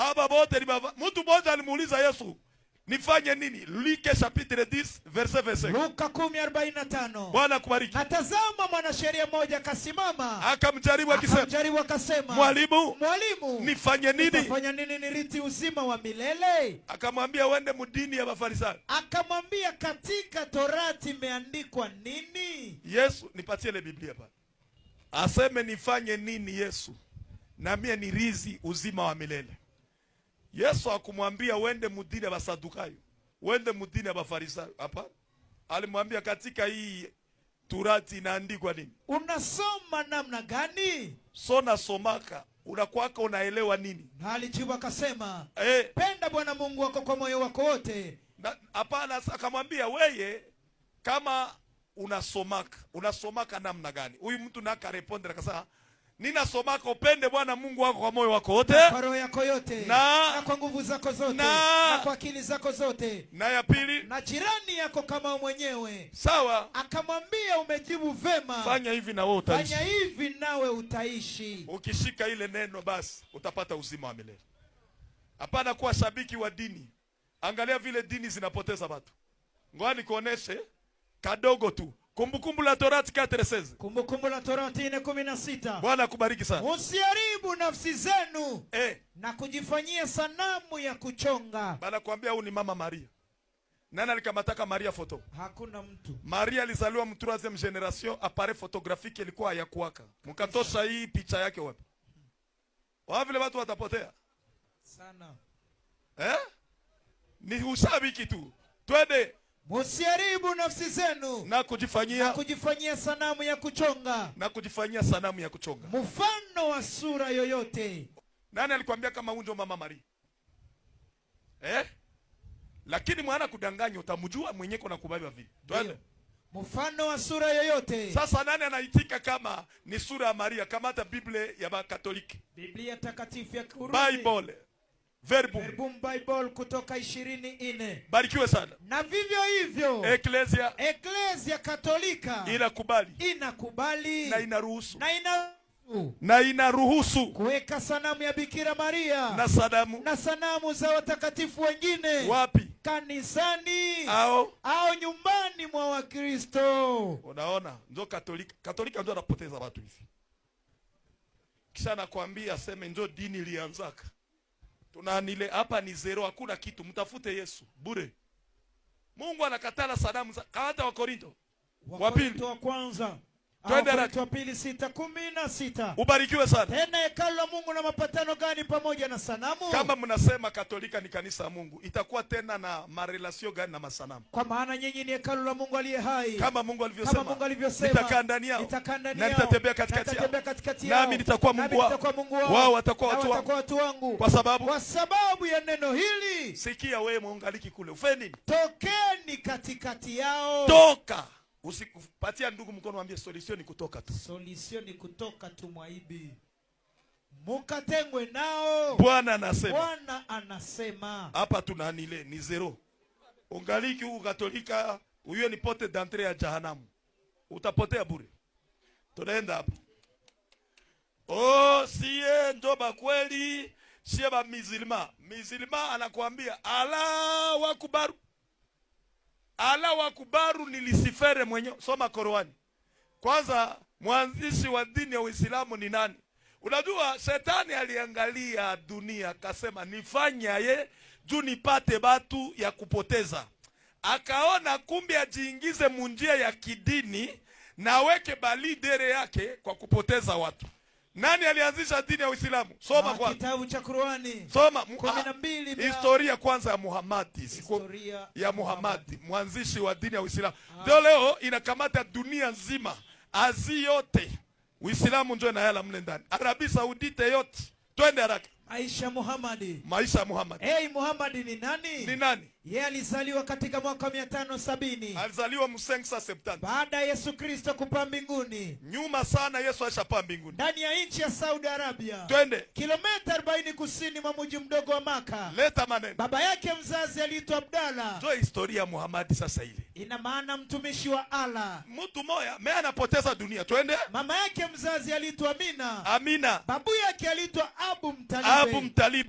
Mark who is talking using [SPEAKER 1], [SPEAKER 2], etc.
[SPEAKER 1] Aba bote ni bava. Mtu mmoja alimuuliza Yesu, nifanye nini? Luka chapitre 10 verse 25.
[SPEAKER 2] Luka 10:45.
[SPEAKER 1] Bwana kubariki.
[SPEAKER 2] Natazama tazama mwanasheria mmoja akasimama.
[SPEAKER 1] Akamjaribu akisema.
[SPEAKER 2] Akamjaribu akasema. Mwalimu. Mwalimu.
[SPEAKER 1] Nifanye nini?
[SPEAKER 2] Nifanye nini niriti uzima wa milele?
[SPEAKER 1] Akamwambia wende mudini ya Mafarisayo.
[SPEAKER 2] Akamwambia katika Torati imeandikwa nini?
[SPEAKER 1] Yesu, nipatie ile Biblia pale. Aseme nifanye nini Yesu? Na mimi nirizi uzima wa milele. Yesu akumwambia wende mudini basadukayo wende mudini abafarisayo. Hapana, alimwambia katika hii Turati inaandikwa nini?
[SPEAKER 2] Unasoma namna gani?
[SPEAKER 1] So nasomaka unakwaka unaelewa nini?
[SPEAKER 2] Na alijibu akasema eh, penda Bwana Mungu wako kwa moyo wako wote.
[SPEAKER 1] Hapana, akamwambia weye, kama unasomaka unasomaka namna gani? Huyu mtu nakarepondera akasema ninasomako pende Bwana Mungu wako kwa moyo wako wote,
[SPEAKER 2] kwa roho yako yote, na, kwa nguvu zako zote,
[SPEAKER 1] na,
[SPEAKER 2] kwa akili zako zote,
[SPEAKER 1] na ya pili,
[SPEAKER 2] na jirani yako kama mwenyewe.
[SPEAKER 1] Sawa,
[SPEAKER 2] akamwambia umejibu vema,
[SPEAKER 1] fanya hivi wewe
[SPEAKER 2] utaishi, fanya hivi nawe utaishi.
[SPEAKER 1] Ukishika ile neno, basi utapata uzima wa milele. Hapana kuwa shabiki wa dini. Angalia vile dini zinapoteza watu. Ngoja nikuoneshe kadogo tu. Kumbukumbu la Torati 4:16.
[SPEAKER 2] Kumbukumbu la Torati 4:16.
[SPEAKER 1] Bwana akubariki sana.
[SPEAKER 2] Usiharibu nafsi zenu eh, na kujifanyia sanamu ya kuchonga.
[SPEAKER 1] Bana kuambia huyu ni Mama Maria. Nani alikamataka Maria foto?
[SPEAKER 2] Hakuna mtu.
[SPEAKER 1] Maria alizaliwa mu troisieme generation, appareil photographique ilikuwa hayakuwaka. Mkatosha hii picha yake wapi? Wapi vile watu watapotea? Sana. Eh? Ni ushabiki tu. Twende
[SPEAKER 2] Musiharibu nafsi zenu
[SPEAKER 1] na kujifanyia na
[SPEAKER 2] kujifanyia sanamu ya kuchonga
[SPEAKER 1] na kujifanyia sanamu ya kuchonga
[SPEAKER 2] mfano wa sura yoyote.
[SPEAKER 1] Nani alikwambia kama unjo mama Maria eh? Lakini mwana kudanganya utamjua mwenye na kubaba vile. Twende.
[SPEAKER 2] Mfano wa sura yoyote.
[SPEAKER 1] Sasa nani anaitika kama ni sura ya Maria kama hata Biblia ya Katoliki.
[SPEAKER 2] Biblia takatifu ya Kirumi.
[SPEAKER 1] Bible. Verbum.
[SPEAKER 2] Verbum Bible kutoka 24.
[SPEAKER 1] Barikiwe sana.
[SPEAKER 2] Na vivyo hivyo Ecclesia, Ecclesia Katolika inakubali, inakubali
[SPEAKER 1] na inaruhusu na ina na inaruhusu
[SPEAKER 2] kuweka sanamu ya Bikira Maria
[SPEAKER 1] na sanamu
[SPEAKER 2] na sanamu za watakatifu wengine. Wapi? Kanisani au au nyumbani mwa Wakristo.
[SPEAKER 1] Unaona, ndio Katolika, Katolika ndio anapoteza watu hivi, kisha nakwambia, aseme ndio dini ilianzaka tunanile hapa ni zero, hakuna kitu, mtafute Yesu bure. Mungu anakatala za hata wa Korinto wa pili
[SPEAKER 2] wa kwanza Twende pili sita kumi sita.
[SPEAKER 1] Ubarikiwe sana.
[SPEAKER 2] Tena hekalu la Mungu na mapatano gani pamoja na sanamu?
[SPEAKER 1] Kama mnasema Katolika ni kanisa la Mungu, itakuwa tena na marelasio gani na masanamu?
[SPEAKER 2] Kwa maana nyinyi ni hekalu la Mungu aliye hai.
[SPEAKER 1] Kama Mungu alivyosema,
[SPEAKER 2] Mungu alivyosema,
[SPEAKER 1] nitakaa ndani yao na nitatembea
[SPEAKER 2] katikati
[SPEAKER 1] yao, nami nitakuwa Mungu wao, wao watakuwa watu wangu, kwa sababu
[SPEAKER 2] kwa sababu ya neno hili.
[SPEAKER 1] Sikia wewe muungaliki kule, ufeni,
[SPEAKER 2] tokeni katikati yao,
[SPEAKER 1] toka Usikupatia ndugu mkono, mwambie solution ni kutoka tu,
[SPEAKER 2] solution ni kutoka tu, mwaibi mukatengwe nao.
[SPEAKER 1] Bwana anasema,
[SPEAKER 2] Bwana anasema
[SPEAKER 1] hapa tuna ni zero ungaliki huu katolika huyo ni pote d'entrée ya jahanamu, utapotea bure. Tunaenda hapa oh, sie ndo ba kweli sie ba mizilima mizilima, anakuambia ala wakubaru ala wakubaru nilisifere mwenyewe. Soma Korani kwanza. Mwanzishi wa dini ya Uislamu ni nani? Unajua, shetani aliangalia dunia akasema, nifanyaye juu nipate batu ya kupoteza. Akaona kumbe ajiingize munjia ya kidini na aweke balidere yake kwa kupoteza watu. Nani alianzisha dini ya Uislamu? Soma ah, kwanza.
[SPEAKER 2] Kitabu cha Qur'ani. Soma ah,
[SPEAKER 1] historia kwanza ya Muhammad, siku ya Muhammad, mwanzishi wa dini ya Uislamu. Ndio ah. leo inakamata dunia nzima, Azi yote. Uislamu ndio nayala mle ndani. Arabi Saudite yote. Twende haraka.
[SPEAKER 2] Aisha Muhammad.
[SPEAKER 1] Maisha Muhammad.
[SPEAKER 2] Hey, Muhammad ni nani? Ni nani? Yeye alizaliwa katika mwaka 570.
[SPEAKER 1] Alizaliwa msengsa septani.
[SPEAKER 2] Baada ya Yesu Kristo kupaa mbinguni.
[SPEAKER 1] Nyuma sana Yesu alishapaa mbinguni.
[SPEAKER 2] Ndani ya nchi ya Saudi Arabia. Twende. Kilomita 40 kusini mwa mji mdogo wa Maka. Leta maneno. Baba yake mzazi aliitwa Abdala.
[SPEAKER 1] Toa historia Muhammad sasa ile.
[SPEAKER 2] Ina maana mtumishi wa ala
[SPEAKER 1] mtu moya me anapoteza dunia. Twende,
[SPEAKER 2] mama yake mzazi aliitwa Amina, Amina, babu yake aliitwa Abu mtalibe
[SPEAKER 1] Abu mtalibe